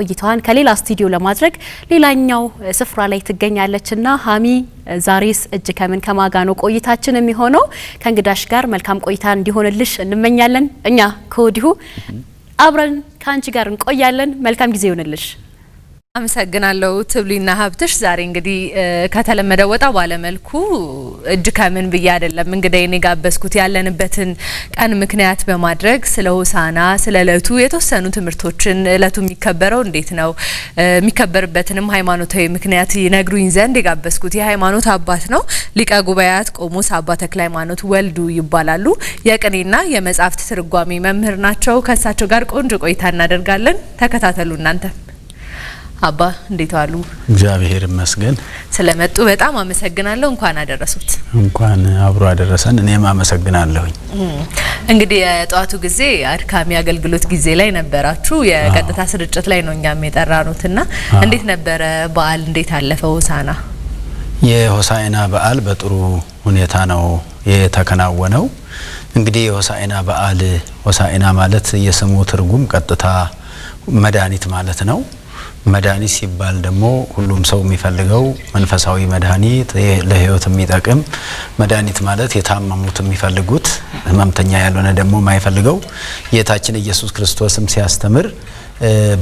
ቆይታዋን ከሌላ ስቱዲዮ ለማድረግ ሌላኛው ስፍራ ላይ ትገኛለች ና ሀሚ ዛሬስ እጅ ከምን ከማጋ ነው ቆይታችን የሚሆነው። ከእንግዳሽ ጋር መልካም ቆይታ እንዲሆንልሽ እንመኛለን። እኛ ከወዲሁ አብረን ከአንቺ ጋር እንቆያለን። መልካም ጊዜ ይሆንልሽ። አመሰግናለሁ ትብሊና ሀብትሽ። ዛሬ እንግዲህ ከተለመደ ወጣ ባለመልኩ እጅ ከምን ብዬ አይደለም እንግዲህ እኔ ጋበዝኩት ያለንበትን ቀን ምክንያት በማድረግ ስለ ሆሳና ስለ እለቱ የተወሰኑ ትምህርቶችን እለቱ የሚከበረው እንዴት ነው የሚከበርበትንም ሃይማኖታዊ ምክንያት ይነግሩኝ ዘንድ የጋበዝኩት የሃይማኖት አባት ነው። ሊቀ ጉባኤያት ቆሞስ አባ ተክለ ሃይማኖት ወልዱ ይባላሉ። የቅኔና የመጻሕፍት ትርጓሜ መምህር ናቸው። ከእሳቸው ጋር ቆንጆ ቆይታ እናደርጋለን። ተከታተሉ እናንተ አባ እንዴት ዋሉ? እግዚአብሔር ይመስገን። ስለመጡ በጣም አመሰግናለሁ። እንኳን አደረሱት። እንኳን አብሮ አደረሰን። እኔም አመሰግናለሁኝ። እንግዲህ የጠዋቱ ጊዜ አድካሚ አገልግሎት ጊዜ ላይ ነበራችሁ። የቀጥታ ስርጭት ላይ ነው እኛም የጠራኑትና እንዴት ነበረ በዓል? እንዴት አለፈ ሆሳና? የሆሳዕና በዓል በጥሩ ሁኔታ ነው የተከናወነው። እንግዲህ የሆሳዕና በዓል ሆሳዕና ማለት የስሙ ትርጉም ቀጥታ መድኃኒት ማለት ነው። መድኃኒት ሲባል ደግሞ ሁሉም ሰው የሚፈልገው መንፈሳዊ መድኃኒት ለህይወት የሚጠቅም መድኃኒት ማለት የታመሙት የሚፈልጉት ህመምተኛ ያልሆነ ደግሞ የማይፈልገው ጌታችን ኢየሱስ ክርስቶስም ሲያስተምር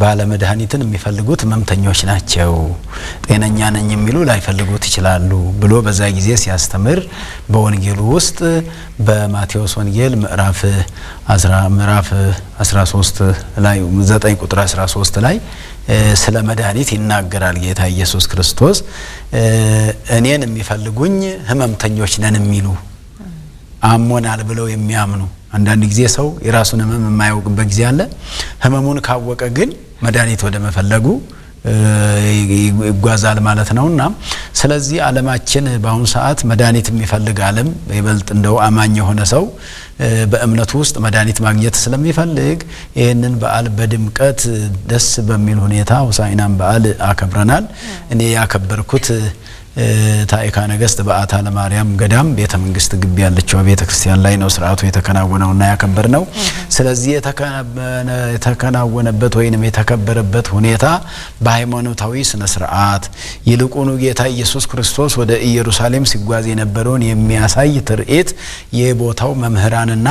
ባለ መድኃኒትን የሚፈልጉት ህመምተኞች ናቸው፣ ጤነኛ ነኝ የሚሉ ላይፈልጉት ይችላሉ ብሎ በዛ ጊዜ ሲያስተምር በወንጌሉ ውስጥ በማቴዎስ ወንጌል ምዕራፍ ምዕራፍ 13 ላይ 9 ቁጥር 13 ላይ ስለ መድኃኒት ይናገራል ጌታ ኢየሱስ ክርስቶስ። እኔን የሚፈልጉኝ ህመምተኞች ነን የሚሉ አሞናል ብለው የሚያምኑ አንዳንድ ጊዜ ሰው የራሱን ህመም የማያውቅበት ጊዜ አለ። ህመሙን ካወቀ ግን መድኃኒት ወደ መፈለጉ ይጓዛል ማለት ነው እና ስለዚህ አለማችን በአሁኑ ሰዓት መድኃኒት የሚፈልግ አለም ይበልጥ እንደው አማኝ የሆነ ሰው በእምነቱ ውስጥ መድኃኒት ማግኘት ስለሚፈልግ ይህንን በዓል በድምቀት ደስ በሚል ሁኔታ ሆሳዕናን በዓል አከብረናል። እኔ ያከበርኩት ታዕካ ነገስት በአታ ለማርያም ገዳም ቤተ መንግስት ግቢ ያለችው ቤተ ክርስቲያን ላይ ነው ስርዓቱ የተከናወነውና ያከበር ነው። ስለዚህ የተከናወነበት ወይንም የተከበረበት ሁኔታ በሃይማኖታዊ ስነ ስርዓት ይልቁኑ ጌታ ኢየሱስ ክርስቶስ ወደ ኢየሩሳሌም ሲጓዝ የነበረውን የሚያሳይ ትርኢት የቦታው መምህራንና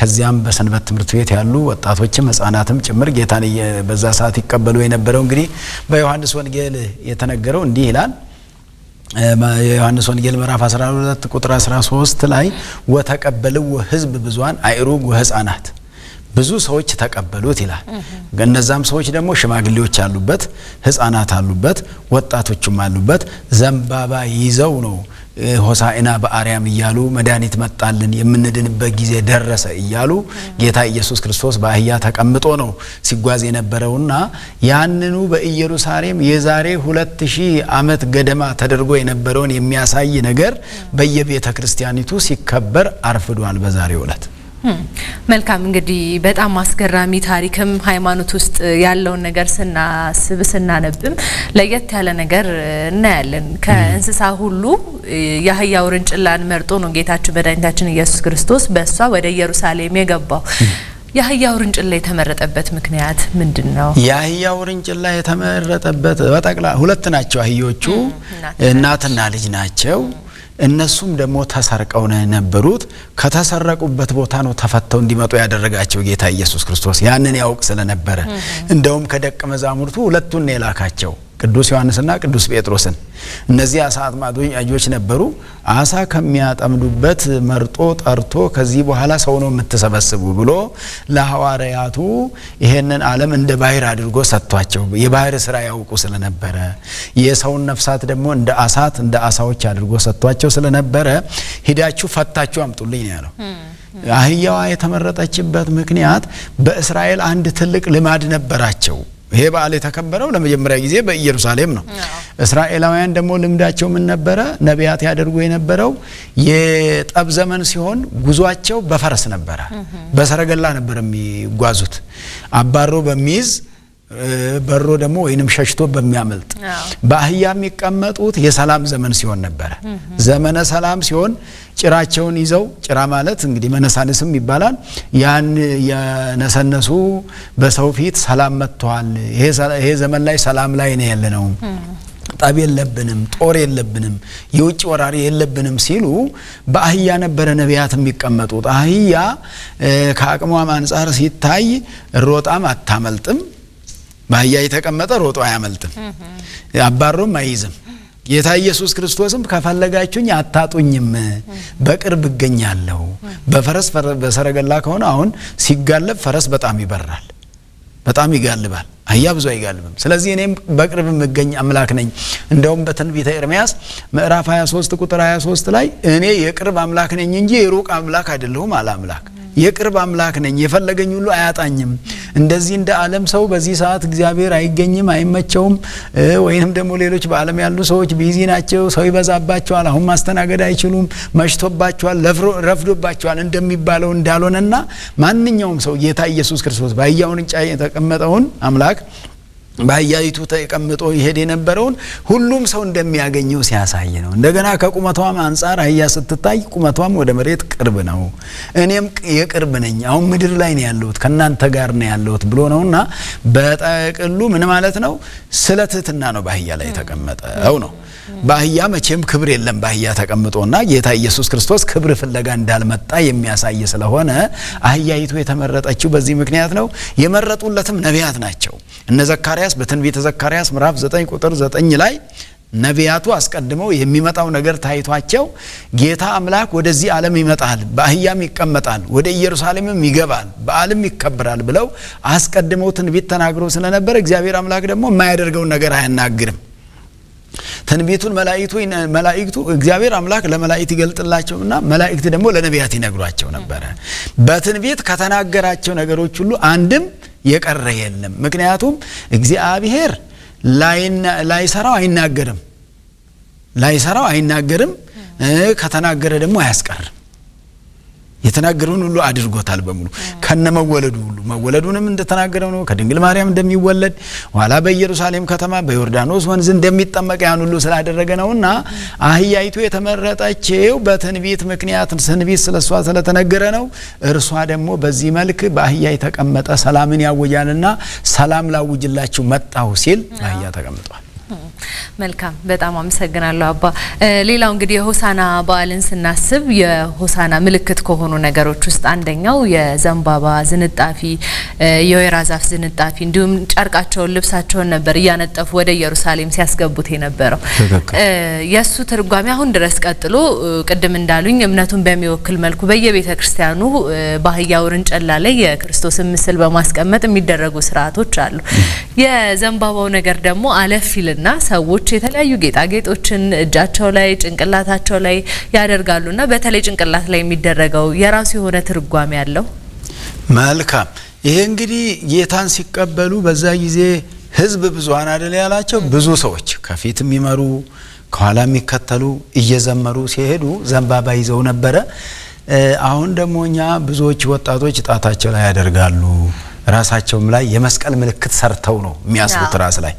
ከዚያም በሰንበት ትምህርት ቤት ያሉ ወጣቶችም ህጻናትም ጭምር ጌታን በዛ ሰዓት ይቀበሉ የነበረው እንግዲህ በዮሐንስ ወንጌል የተነገረው እንዲህ ይላል የዮሐንስ ወንጌል ምዕራፍ 12 ቁጥር 13 ላይ ወተቀበልው ህዝብ ብዙሃን አእሩግ ወሕፃናት ብዙ ሰዎች ተቀበሉት ይላል። እነዛም ሰዎች ደግሞ ሽማግሌዎች አሉበት፣ ህፃናት አሉበት፣ ወጣቶችም አሉበት። ዘንባባ ይዘው ነው ሆሳዕና በአርያም እያሉ መድኃኒት መጣልን የምንድንበት ጊዜ ደረሰ እያሉ ጌታ ኢየሱስ ክርስቶስ በአህያ ተቀምጦ ነው ሲጓዝ የነበረውና ያንኑ በኢየሩሳሌም የዛሬ ሁለት ሺህ ዓመት ገደማ ተደርጎ የነበረውን የሚያሳይ ነገር በየቤተ ክርስቲያኒቱ ሲከበር አርፍዷል በዛሬው ዕለት። መልካም እንግዲህ በጣም አስገራሚ ታሪክም ሃይማኖት ውስጥ ያለውን ነገር ስናስብ ስናነብም ለየት ያለ ነገር እናያለን። ከእንስሳ ሁሉ የአህያ ውርንጭላን መርጦ ነው ጌታችን መድኃኒታችን ኢየሱስ ክርስቶስ በእሷ ወደ ኢየሩሳሌም የገባው። የአህያ ውርንጭላ የተመረጠበት ምክንያት ምንድን ነው? የአህያ ውርንጭላ የተመረጠበት በጠቅላ ሁለት ናቸው። አህዮቹ እናትና ልጅ ናቸው። እነሱም ደግሞ ተሰርቀው ነው የነበሩት። ከተሰረቁበት ቦታ ነው ተፈተው እንዲመጡ ያደረጋቸው ጌታ ኢየሱስ ክርስቶስ ያንን ያውቅ ስለነበረ እንደውም ከደቀ መዛሙርቱ ሁለቱን ነው የላካቸው። ቅዱስ ዮሐንስና ቅዱስ ጴጥሮስን። እነዚህ አሳ አጥማጆች ነበሩ። አሳ ከሚያጠምዱበት መርጦ ጠርቶ ከዚህ በኋላ ሰው ነው የምትሰበስቡ ብሎ ለሐዋርያቱ ይሄንን ዓለም እንደ ባህር አድርጎ ሰጥቷቸው የባህር ስራ ያውቁ ስለነበረ የሰውን ነፍሳት ደግሞ እንደ አሳት እንደ አሳዎች አድርጎ ሰጥቷቸው ስለነበረ ሂዳችሁ ፈታችሁ አምጡልኝ ነው ያለው። አህያዋ የተመረጠችበት ምክንያት በእስራኤል አንድ ትልቅ ልማድ ነበራቸው። ይሄ በዓል የተከበረው ለመጀመሪያ ጊዜ በኢየሩሳሌም ነው። እስራኤላውያን ደግሞ ልምዳቸው ምን ነበረ? ነቢያት ያደርጉ የነበረው የጠብ ዘመን ሲሆን ጉዟቸው በፈረስ ነበረ፣ በሰረገላ ነበር የሚጓዙት አባሮ በሚይዝ በሮ ደግሞ ወይንም ሸሽቶ በሚያመልጥ በአህያ የሚቀመጡት የሰላም ዘመን ሲሆን ነበረ። ዘመነ ሰላም ሲሆን ጭራቸውን ይዘው ጭራ ማለት እንግዲህ መነሳንስም ይባላል። ያን የነሰነሱ በሰው ፊት ሰላም መጥተዋል። ይሄ ዘመን ላይ ሰላም ላይ ነው ያለ ነው ጠብ የለብንም፣ ጦር የለብንም፣ የውጭ ወራሪ የለብንም ሲሉ በአህያ ነበረ ነቢያት የሚቀመጡት። አህያ ከአቅሟም አንጻር ሲታይ ሮጣም አታመልጥም በአህያ የተቀመጠ ሮጦ አያመልጥም፣ አባሮም አይይዝም። ጌታ ኢየሱስ ክርስቶስም ከፈለጋችሁኝ አታጡኝም፣ በቅርብ እገኛለሁ። በፈረስ በሰረገላ ከሆነ አሁን ሲጋለብ ፈረስ በጣም ይበራል፣ በጣም ይጋልባል። አያ ብዙ አይጋልብም። ስለዚህ እኔም በቅርብ የምገኝ አምላክ ነኝ። እንደውም በትንቢተ ኤርምያስ ምዕራፍ 23 ቁጥር 23 ላይ እኔ የቅርብ አምላክ ነኝ እንጂ የሩቅ አምላክ አይደለሁም አለ አምላክ። የቅርብ አምላክ ነኝ፣ የፈለገኝ ሁሉ አያጣኝም። እንደዚህ እንደ ዓለም ሰው በዚህ ሰዓት እግዚአብሔር አይገኝም፣ አይመቸውም፣ ወይንም ደግሞ ሌሎች በዓለም ያሉ ሰዎች ቢዚ ናቸው፣ ሰው ይበዛባቸዋል፣ አሁን ማስተናገድ አይችሉም፣ መሽቶባቸዋል፣ ረፍዶባቸዋል እንደሚባለው እንዳልሆነና ማንኛውም ሰው ጌታ ኢየሱስ ክርስቶስ በአህያ ውርንጫ የተቀመጠውን አምላክ back በአህያይቱ ተቀምጦ ይሄድ የነበረውን ሁሉም ሰው እንደሚያገኘው ሲያሳይ ነው። እንደገና ከቁመቷም አንጻር አህያ ስትታይ ቁመቷም ወደ መሬት ቅርብ ነው። እኔም የቅርብ ነኝ፣ አሁን ምድር ላይ ነው ያለሁት፣ ከእናንተ ጋር ነው ያለሁት ብሎ ነውና በጠቅሉ ምን ማለት ነው? ስለ ትህትና ነው በአህያ ላይ የተቀመጠው ነው። በአህያ መቼም ክብር የለም። በአህያ ተቀምጦና ጌታ ኢየሱስ ክርስቶስ ክብር ፍለጋ እንዳልመጣ የሚያሳይ ስለሆነ አህያይቱ የተመረጠችው በዚህ ምክንያት ነው። የመረጡለትም ነቢያት ናቸው እነ ዘካሪ ዘካርያስ በትንቢተ ዘካርያስ ምዕራፍ 9 ቁጥር 9 ላይ ነቢያቱ አስቀድመው የሚመጣው ነገር ታይቷቸው ጌታ አምላክ ወደዚህ ዓለም ይመጣል፣ በአህያም ይቀመጣል፣ ወደ ኢየሩሳሌምም ይገባል፣ በዓልም ይከበራል ብለው አስቀድመው ትንቢት ተናግረው ስለነበረ እግዚአብሔር አምላክ ደግሞ የማያደርገውን ነገር አያናግርም። ትንቢቱን መላእክቱ መላእክቱ እግዚአብሔር አምላክ ለመላእክት ይገልጥላቸውና መላእክት ደግሞ ለነቢያት ይነግሯቸው ነበረ። በትንቢት ከተናገራቸው ነገሮች ሁሉ አንድም የቀረ የለም። ምክንያቱም እግዚአብሔር ላይሰራው አይናገርም፣ ላይሰራው አይናገርም። ከተናገረ ደግሞ አያስቀርም። የተናገረውን ሁሉ አድርጎታል በሙሉ ከነመወለዱ ሁሉ መወለዱንም እንደተናገረው ነው። ከድንግል ማርያም እንደሚወለድ ኋላ በኢየሩሳሌም ከተማ በዮርዳኖስ ወንዝ እንደሚጠመቅ ያን ሁሉ ስላደረገ ነውና አህያይቱ የተመረጠችው በትንቢት ምክንያት ትንቢት ስለ እሷ ስለተነገረ ነው። እርሷ ደግሞ በዚህ መልክ በአህያ የተቀመጠ ሰላምን ያወጃልና ሰላም ላውጅላችሁ መጣሁ ሲል አህያ ተቀምጧል። መልካም በጣም አመሰግናለሁ አባ። ሌላው እንግዲህ የሆሳና በዓልን ስናስብ የሆሳና ምልክት ከሆኑ ነገሮች ውስጥ አንደኛው የዘንባባ ዝንጣፊ፣ የወይራ ዛፍ ዝንጣፊ እንዲሁም ጨርቃቸውን ልብሳቸውን ነበር እያነጠፉ ወደ ኢየሩሳሌም ሲያስገቡት የነበረው። የእሱ ትርጓሜ አሁን ድረስ ቀጥሎ ቅድም እንዳሉኝ እምነቱን በሚወክል መልኩ በየቤተ ክርስቲያኑ በአህያ ውርንጭላ ላይ የክርስቶስን ምስል በማስቀመጥ የሚደረጉ ስርዓቶች አሉ። የዘንባባው ነገር ደግሞ አለፍ ይልና እና ሰዎች የተለያዩ ጌጣጌጦችን እጃቸው ላይ ጭንቅላታቸው ላይ ያደርጋሉ እና በተለይ ጭንቅላት ላይ የሚደረገው የራሱ የሆነ ትርጓሜ ያለው መልካም። ይሄ እንግዲህ ጌታን ሲቀበሉ በዛ ጊዜ ህዝብ ብዙሀን አደለ ያላቸው ብዙ ሰዎች ከፊት የሚመሩ ከኋላ የሚከተሉ እየዘመሩ ሲሄዱ ዘንባባ ይዘው ነበረ። አሁን ደግሞ እኛ ብዙዎች ወጣቶች ጣታቸው ላይ ያደርጋሉ ራሳቸውም ላይ የመስቀል ምልክት ሰርተው ነው የሚያስቡት። ራስ ላይ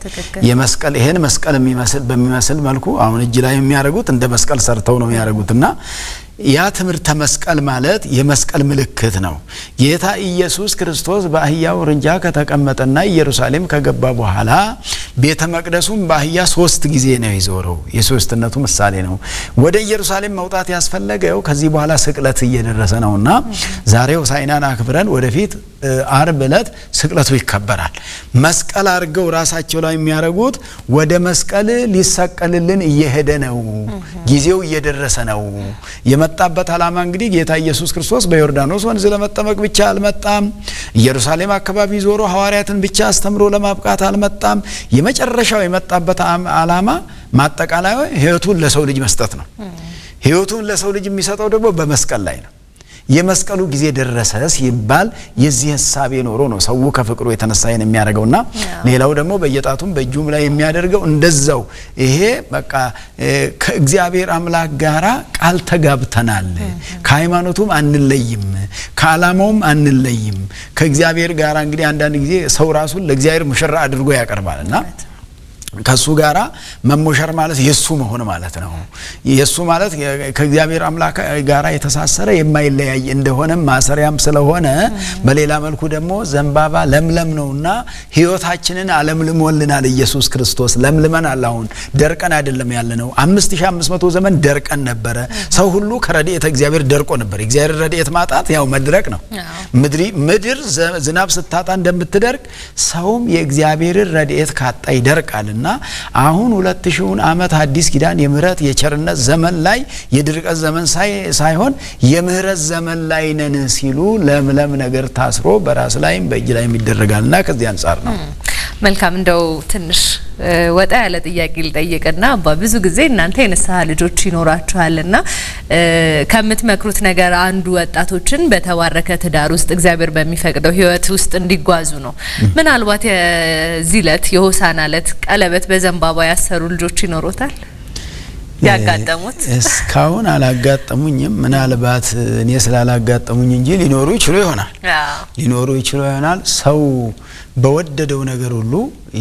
የመስቀል ይሄን መስቀል በሚመስል መልኩ አሁን እጅ ላይ የሚያደርጉት እንደ መስቀል ሰርተው ነው የሚያደርጉት እና ያ ትምህርተ መስቀል ማለት የመስቀል ምልክት ነው። ጌታ ኢየሱስ ክርስቶስ በአህያው ውርንጫ ከተቀመጠና ኢየሩሳሌም ከገባ በኋላ ቤተ መቅደሱን በአህያ ሶስት ጊዜ ነው የዞረው። የሶስትነቱ ምሳሌ ነው። ወደ ኢየሩሳሌም መውጣት ያስፈለገው ከዚህ በኋላ ስቅለት እየደረሰ ነውና ዛሬው ሳይናን አክብረን ወደፊት አርብ እለት ስቅለቱ ይከበራል። መስቀል አድርገው ራሳቸው ላይ የሚያደርጉት ወደ መስቀል ሊሰቀልልን እየሄደ ነው፣ ጊዜው እየደረሰ ነው። የመጣበት ዓላማ እንግዲህ ጌታ ኢየሱስ ክርስቶስ በዮርዳኖስ ወንዝ ለመጠመቅ ብቻ አልመጣም። ኢየሩሳሌም አካባቢ ዞሮ ሐዋርያትን ብቻ አስተምሮ ለማብቃት አልመጣም። የመጨረሻው የመጣበት ዓላማ ማጠቃለያ ሕይወቱን ለሰው ልጅ መስጠት ነው። ሕይወቱን ለሰው ልጅ የሚሰጠው ደግሞ በመስቀል ላይ ነው። የመስቀሉ ጊዜ ደረሰ ሲባል የዚህ ህሳቤ ኖሮ ነው ሰው ከፍቅሩ የተነሳ ይን የሚያደርገውና ሌላው ደግሞ በየጣቱም በእጁም ላይ የሚያደርገው እንደዛው። ይሄ በቃ ከእግዚአብሔር አምላክ ጋራ ቃል ተጋብተናል፣ ከሃይማኖቱም አንለይም፣ ከዓላማውም አንለይም። ከእግዚአብሔር ጋራ እንግዲህ አንዳንድ ጊዜ ሰው ራሱን ለእግዚአብሔር ሙሽራ አድርጎ ያቀርባልና ከሱ ጋራ መሞሸር ማለት የሱ መሆን ማለት ነው። የሱ ማለት ከእግዚአብሔር አምላክ ጋራ የተሳሰረ የማይለያይ እንደሆነ ማሰሪያም ስለሆነ በሌላ መልኩ ደግሞ ዘንባባ ለምለም ነውና ሕይወታችንን አለምልሞልናል ኢየሱስ ክርስቶስ። ለምልመናል። አሁን ደርቀን አይደለም ያለ ነው። አምስት ሺ አምስት መቶ ዘመን ደርቀን ነበረ። ሰው ሁሉ ከረድኤተ እግዚአብሔር ደርቆ ነበር። እግዚአብሔር ረድኤት ማጣት ያው መድረቅ ነው። ምድሪ ምድር ዝናብ ስታጣ እንደምትደርቅ ሰውም የእግዚአብሔርን ረድኤት ካጣ ይደርቃልና እና አሁን ሁለት ሺውን ዓመት አዲስ ኪዳን የምህረት የቸርነት ዘመን ላይ የድርቀት ዘመን ሳይሆን የምህረት ዘመን ላይ ነን ሲሉ ለምለም ነገር ታስሮ በራስ ላይም በእጅ ላይ ይደረጋልና ከዚህ አንጻር ነው። መልካም እንደው ትንሽ ወጣ ያለ ጥያቄ ልጠይቅና አባ ብዙ ጊዜ እናንተ የንስሐ ልጆች ይኖራችኋልና ከምትመክሩት ነገር አንዱ ወጣቶችን በተባረከ ትዳር ውስጥ እግዚአብሔር በሚፈቅደው ህይወት ውስጥ እንዲጓዙ ነው። ምናልባት የዚህ ዕለት የሆሳና ዕለት ቀለበት በዘንባባ ያሰሩ ልጆች ይኖሮታል ያጋጠሙት እስካሁን አላጋጠሙኝም። ምናልባት እኔ ስላላጋጠሙኝ እንጂ ሊኖሩ ይችሉ ይሆናል ሊኖሩ ይችሉ ይሆናል ሰው በወደደው ነገር ሁሉ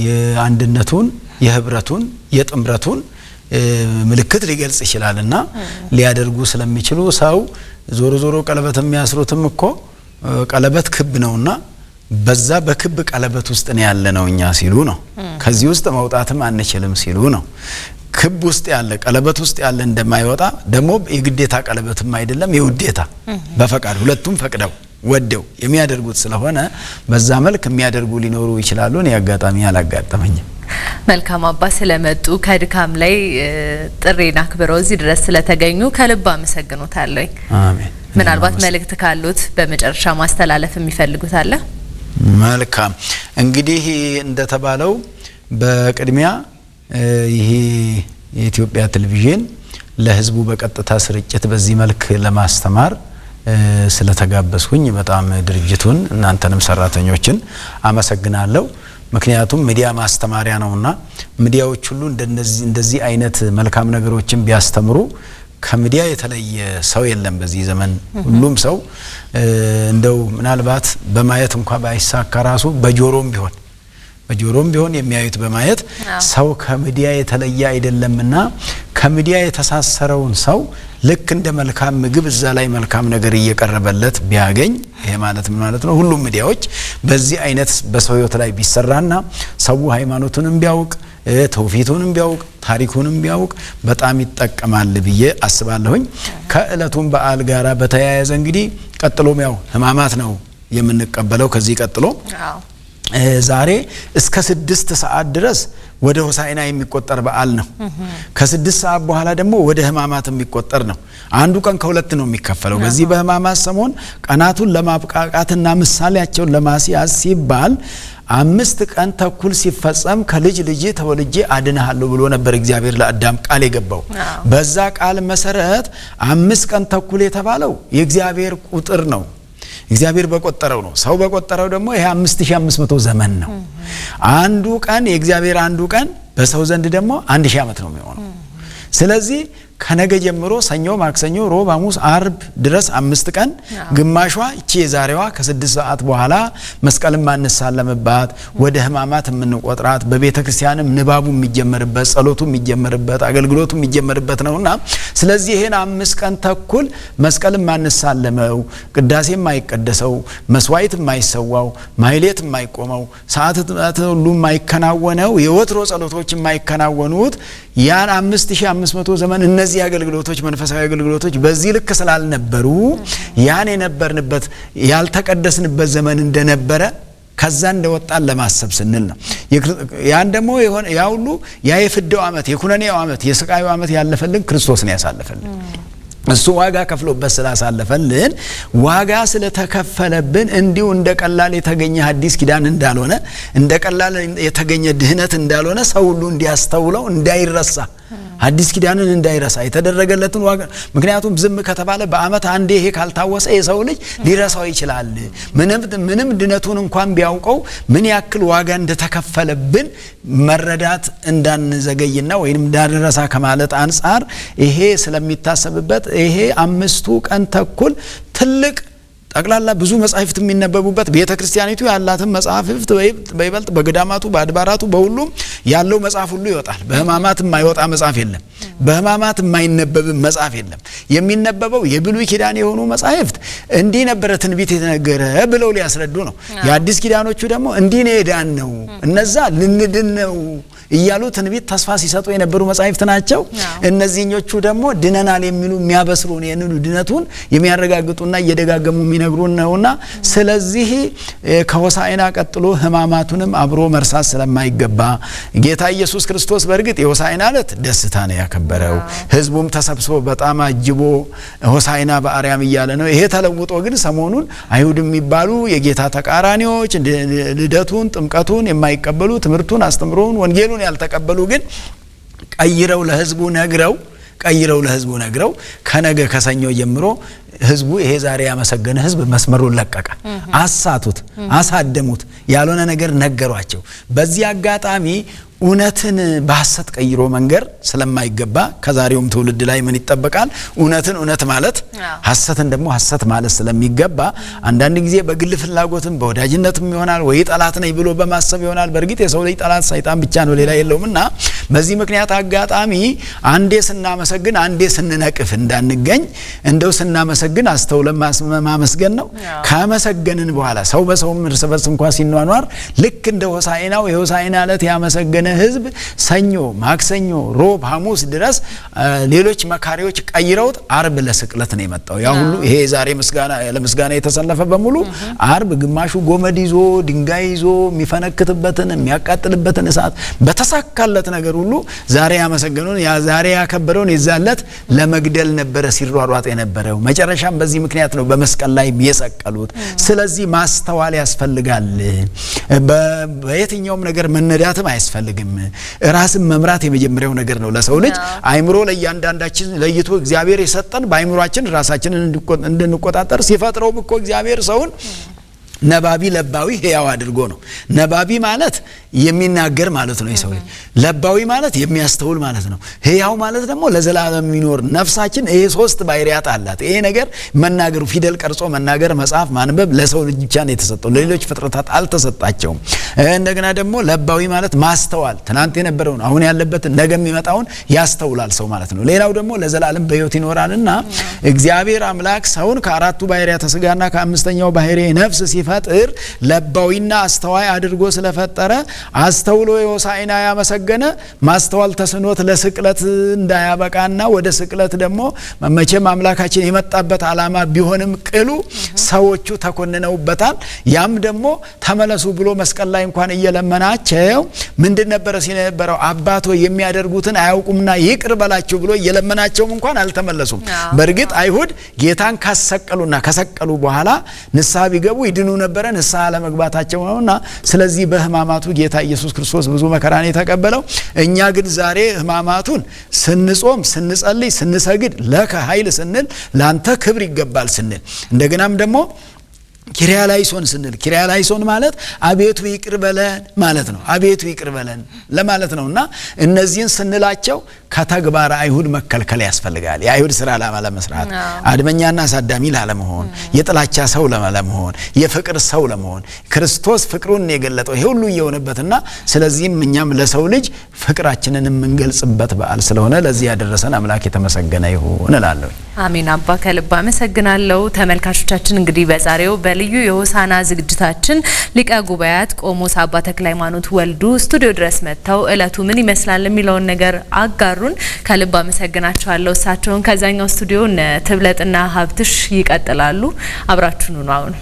የአንድነቱን፣ የህብረቱን፣ የጥምረቱን ምልክት ሊገልጽ ይችላል እና ሊያደርጉ ስለሚችሉ ሰው ዞሮ ዞሮ ቀለበት የሚያስሩትም እኮ ቀለበት ክብ ነውና በዛ በክብ ቀለበት ውስጥ ነው ያለ ነው እኛ ሲሉ ነው። ከዚህ ውስጥ መውጣትም አንችልም ሲሉ ነው። ክብ ውስጥ ያለ ቀለበት ውስጥ ያለ እንደማይወጣ ደግሞ የግዴታ ቀለበትም አይደለም የውዴታ በፈቃድ ሁለቱም ፈቅደው ወደው የሚያደርጉት ስለሆነ በዛ መልክ የሚያደርጉ ሊኖሩ ይችላሉ። እኔ አጋጣሚ አላጋጠመኝም። መልካም አባ ስለመጡ ከድካም ላይ ጥሬን አክብረው እዚህ ድረስ ስለተገኙ ከልብ አመሰግኖታለሁ። አሜን። ምናልባት መልእክት ካሉት በመጨረሻ ማስተላለፍ የሚፈልጉት አለ? መልካም እንግዲህ እንደተባለው በቅድሚያ ይሄ የኢትዮጵያ ቴሌቪዥን ለህዝቡ በቀጥታ ስርጭት በዚህ መልክ ለማስተማር ስለተጋበዝኩኝ በጣም ድርጅቱን እናንተንም ሰራተኞችን አመሰግናለሁ። ምክንያቱም ሚዲያ ማስተማሪያ ነውና ሚዲያዎች ሁሉ እንደዚህ አይነት መልካም ነገሮችን ቢያስተምሩ ከሚዲያ የተለየ ሰው የለም በዚህ ዘመን። ሁሉም ሰው እንደው ምናልባት በማየት እንኳ ባይሳካ ራሱ በጆሮም ቢሆን በጆሮም ቢሆን የሚያዩት በማየት ሰው ከሚዲያ የተለየ አይደለምና ከሚዲያ የተሳሰረውን ሰው ልክ እንደ መልካም ምግብ እዛ ላይ መልካም ነገር እየቀረበለት ቢያገኝ ይሄ ማለት ምን ማለት ነው? ሁሉም ሚዲያዎች በዚህ አይነት በሰው ህይወት ላይ ቢሰራና ሰው ሃይማኖቱንም ቢያውቅ ትውፊቱንም ቢያውቅ ታሪኩንም ቢያውቅ በጣም ይጠቀማል ብዬ አስባለሁኝ። ከእለቱም በዓል ጋራ በተያያዘ እንግዲህ ቀጥሎም ያው ህማማት ነው የምንቀበለው ከዚህ ቀጥሎ ዛሬ እስከ ስድስት ሰዓት ድረስ ወደ ሆሳዕና የሚቆጠር በዓል ነው። ከስድስት ሰዓት በኋላ ደግሞ ወደ ህማማት የሚቆጠር ነው። አንዱ ቀን ከሁለት ነው የሚከፈለው። በዚህ በህማማት ሰሞን ቀናቱን ለማብቃቃትና ምሳሌያቸውን ለማስያዝ ሲባል አምስት ቀን ተኩል ሲፈጸም ከልጅ ልጅ ተወልጄ አድንሃለሁ ብሎ ነበር እግዚአብሔር ለአዳም ቃል የገባው። በዛ ቃል መሰረት አምስት ቀን ተኩል የተባለው የእግዚአብሔር ቁጥር ነው። እግዚአብሔር በቆጠረው ነው። ሰው በቆጠረው ደግሞ ይሄ 5500 ዘመን ነው። አንዱ ቀን የእግዚአብሔር አንዱ ቀን በሰው ዘንድ ደግሞ አንድ ሺህ ዓመት ነው የሚሆነው። ስለዚህ ከነገ ጀምሮ ሰኞ፣ ማክሰኞ፣ ሮብ፣ ሐሙስ፣ አርብ ድረስ አምስት ቀን ግማሿ እቺ የዛሬዋ ከስድስት ሰዓት በኋላ መስቀል ማንሳለምባት ወደ ህማማት የምንቆጥራት በቤተ ክርስቲያንም ንባቡ የሚጀመርበት ጸሎቱ የሚጀመርበት አገልግሎቱ የሚጀመርበት ነውና ስለዚህ ይህን አምስት ቀን ተኩል መስቀል ማንሳለመው ቅዳሴ የማይቀደሰው መስዋዕት የማይሰዋው ማይሌት የማይቆመው ሰዓት ሁሉ የማይከናወነው የወትሮ ጸሎቶች የማይከናወኑት ያን አምስት ሺህ አምስት መቶ ዘመን እነዚህ እነዚህ አገልግሎቶች መንፈሳዊ አገልግሎቶች በዚህ ልክ ስላልነበሩ ያን የነበርንበት ያልተቀደስንበት ዘመን እንደነበረ ከዛ እንደወጣን ለማሰብ ስንል ነው። ያን ደግሞ ያ ሁሉ ያ የፍዳው ዓመት የኩነኔው ዓመት የስቃዩ ዓመት ያለፈልን ክርስቶስ ነው ያሳለፈልን። እሱ ዋጋ ከፍሎበት ስላሳለፈልን ዋጋ ስለተከፈለብን እንዲሁ እንደ ቀላል የተገኘ ሀዲስ ኪዳን እንዳልሆነ እንደ ቀላል የተገኘ ድህነት እንዳልሆነ ሰው ሁሉ እንዲያስተውለው እንዳይረሳ አዲስ ኪዳንን እንዳይረሳ የተደረገለትን ዋጋ ምክንያቱም ዝም ከተባለ በዓመት አንዴ ይሄ ካልታወሰ የሰው ልጅ ሊረሳው ይችላል። ምንም ድነቱን እንኳን ቢያውቀው ምን ያክል ዋጋ እንደተከፈለብን መረዳት እንዳንዘገይና ወይም እንዳንረሳ ከማለት አንጻር ይሄ ስለሚታሰብበት ይሄ አምስቱ ቀን ተኩል ትልቅ ጠቅላላ ብዙ መጻሕፍት የሚነበቡበት ቤተ ክርስቲያኒቱ ያላትን መጻሕፍት በይበልጥ በገዳማቱ በአድባራቱ በሁሉም ያለው መጽሐፍ ሁሉ ይወጣል። በሕማማት የማይወጣ መጽሐፍ የለም። በሕማማት የማይነበብ መጽሐፍ የለም። የሚነበበው የብሉይ ኪዳን የሆኑ መጻሕፍት እንዲህ ነበረ ትንቢት የተነገረ ብለው ሊያስረዱ ነው። የአዲስ ኪዳኖቹ ደግሞ እንዲህ ነው የዳን ነው እነዛ ልንድን ነው እያሉ ትንቢት ተስፋ ሲሰጡ የነበሩ መጻሕፍት ናቸው። እነዚህኞቹ ደግሞ ድነናል የሚሉ የሚያበስሩ ይህንኑ ድነቱን የሚያረጋግጡና እየደጋገሙ የሚነግሩን ነውና ስለዚህ ከሆሳዕና ቀጥሎ ህማማቱንም አብሮ መርሳት ስለማይገባ ጌታ ኢየሱስ ክርስቶስ በእርግጥ የሆሳዕና ዕለት ደስታ ነው ያከበረው። ህዝቡም ተሰብስቦ በጣም አጅቦ ሆሳዕና በአርያም እያለ ነው። ይሄ ተለውጦ ግን ሰሞኑን አይሁድ የሚባሉ የጌታ ተቃራኒዎች ልደቱን፣ ጥምቀቱን የማይቀበሉ ትምህርቱን፣ አስተምሮውን፣ ወንጌሉን እውነቱን ያልተቀበሉ ግን ቀይረው ለህዝቡ ነግረው ቀይረው ለህዝቡ ነግረው ከነገ ከሰኞ ጀምሮ ህዝቡ ይሄ ዛሬ ያመሰገነ ህዝብ መስመሩን ለቀቀ። አሳቱት፣ አሳደሙት፣ ያልሆነ ነገር ነገሯቸው። በዚህ አጋጣሚ እውነትን በሐሰት ቀይሮ መንገር ስለማይገባ ከዛሬውም ትውልድ ላይ ምን ይጠበቃል? እውነትን እውነት ማለት ሐሰትን ደግሞ ሐሰት ማለት ስለሚገባ አንዳንድ ጊዜ በግል ፍላጎትም በወዳጅነትም ይሆናል ወይ ጠላት ነኝ ብሎ በማሰብ ይሆናል። በእርግጥ የሰው ልጅ ጠላት ሰይጣን ብቻ ነው፣ ሌላ የለውም እና በዚህ ምክንያት አጋጣሚ አንዴ ስናመሰግን አንዴ ስንነቅፍ እንዳንገኝ እንደው ስናመሰግን አስተውለን ማመስገን ነው። ካመሰገንን በኋላ ሰው በሰውም እርስ በርስ እንኳ ሲኗኗር ልክ እንደ ሆሳዕናው የሆሳዕና ዕለት ያመሰገነ ህዝብ ሰኞ፣ ማክሰኞ፣ ሮብ፣ ሐሙስ ድረስ ሌሎች መካሪዎች ቀይረውት አርብ ለስቅለት ነው የመጣው። ያ ሁሉ ይሄ ዛሬ ለምስጋና የተሰለፈ በሙሉ አርብ ግማሹ ጎመድ ይዞ ድንጋይ ይዞ የሚፈነክትበትን የሚያቃጥልበትን እሳት በተሳካለት ነገር ሁሉ ዛሬ ያመሰገነውን ዛሬ ያከበረውን የዛለት ለመግደል ነበረ ሲሯሯጥ የነበረው። መጨረሻም በዚህ ምክንያት ነው በመስቀል ላይ የሰቀሉት። ስለዚህ ማስተዋል ያስፈልጋል። በየትኛውም ነገር መነዳትም አያስፈልግም። ራስን መምራት የመጀመሪያው ነገር ነው ለሰው ልጅ አይምሮ ለእያንዳንዳችን ለይቶ እግዚአብሔር የሰጠን በአይምሯችን ራሳችንን እንድንቆጣጠር ሲፈጥረውም እኮ እግዚአብሔር ሰውን ነባቢ ለባዊ ህያው አድርጎ ነው። ነባቢ ማለት የሚናገር ማለት ነው የሰው ልጅ። ለባዊ ማለት የሚያስተውል ማለት ነው። ህያው ማለት ደግሞ ለዘላለም የሚኖር ነፍሳችን ይሄ ሶስት ባይሪያት አላት። ይሄ ነገር መናገሩ ፊደል ቀርጾ መናገር፣ መጽሐፍ ማንበብ ለሰው ልጅ ብቻ ነው የተሰጠው፣ ለሌሎች ፍጥረታት አልተሰጣቸውም። እንደገና ደግሞ ለባዊ ማለት ማስተዋል፣ ትናንት የነበረውን አሁን ያለበትን ነገ የሚመጣውን ያስተውላል ሰው ማለት ነው። ሌላው ደግሞ ለዘላለም በሕይወት ይኖራልና እግዚአብሔር አምላክ ሰውን ከአራቱ ባይሪያ ተስጋና ከአምስተኛው ባህሪ ነፍስ ሲፈ ሲፈጥር ለባዊና አስተዋይ አድርጎ ስለፈጠረ አስተውሎ የሆሳዕና ያመሰገነ ማስተዋል ተስኖት ለስቅለት እንዳያበቃና ወደ ስቅለት ደግሞ መቼም አምላካችን የመጣበት ዓላማ ቢሆንም ቅሉ ሰዎቹ ተኮንነውበታል። ያም ደግሞ ተመለሱ ብሎ መስቀል ላይ እንኳን እየለመናቸው ምንድን ነበረ ሲል የነበረው አባቶ የሚያደርጉትን አያውቁምና ይቅር በላቸው ብሎ እየለመናቸውም እንኳን አልተመለሱም። በእርግጥ አይሁድ ጌታን ካሰቀሉና ከሰቀሉ በኋላ ንስሐ ቢገቡ ይድኑ ነበረ ንስሐ ለመግባታቸው ነውና፣ ስለዚህ በህማማቱ ጌታ ኢየሱስ ክርስቶስ ብዙ መከራን የተቀበለው እኛ ግን ዛሬ ህማማቱን ስንጾም፣ ስንጸልይ፣ ስንሰግድ ለከ ኃይል ስንል ለአንተ ክብር ይገባል ስንል እንደገናም ደግሞ ኪሪያ ላይሶን ስንል ኪሪያ ላይሶን ማለት አቤቱ ይቅር በለን ማለት ነው። አቤቱ ይቅር በለን ለማለት ነው እና እነዚህን ስንላቸው ከተግባር አይሁድ መከልከል ያስፈልጋል። የአይሁድ ስራ ላለመስራት፣ አድመኛና አሳዳሚ ላለመሆን፣ የጥላቻ ሰው ላለመሆን፣ የፍቅር ሰው ለመሆን ክርስቶስ ፍቅሩን የገለጠው ይሄ ሁሉ እየሆነበትና ስለዚህም እኛም ለሰው ልጅ ፍቅራችንን የምንገልጽበት በዓል ስለሆነ ለዚህ ያደረሰን አምላክ የተመሰገነ ይሁን እላለሁ። አሜን። አባ ከልብ አመሰግናለሁ። ተመልካቾቻችን እንግዲህ በዛሬው በልዩ የሆሳና ዝግጅታችን ሊቀ ጉባኤያት ቆሞስ አባ ተክለ ሃይማኖት ወልዱ ስቱዲዮ ድረስ መጥተው እለቱ ምን ይመስላል የሚለውን ነገር አጋሩ ስለሰሩን ከልብ አመሰግናቸዋለሁ እሳቸውን። ከዛኛው ስቱዲዮን ትብለጥና ሀብትሽ ይቀጥላሉ። አብራችሁኑ ነው አሁን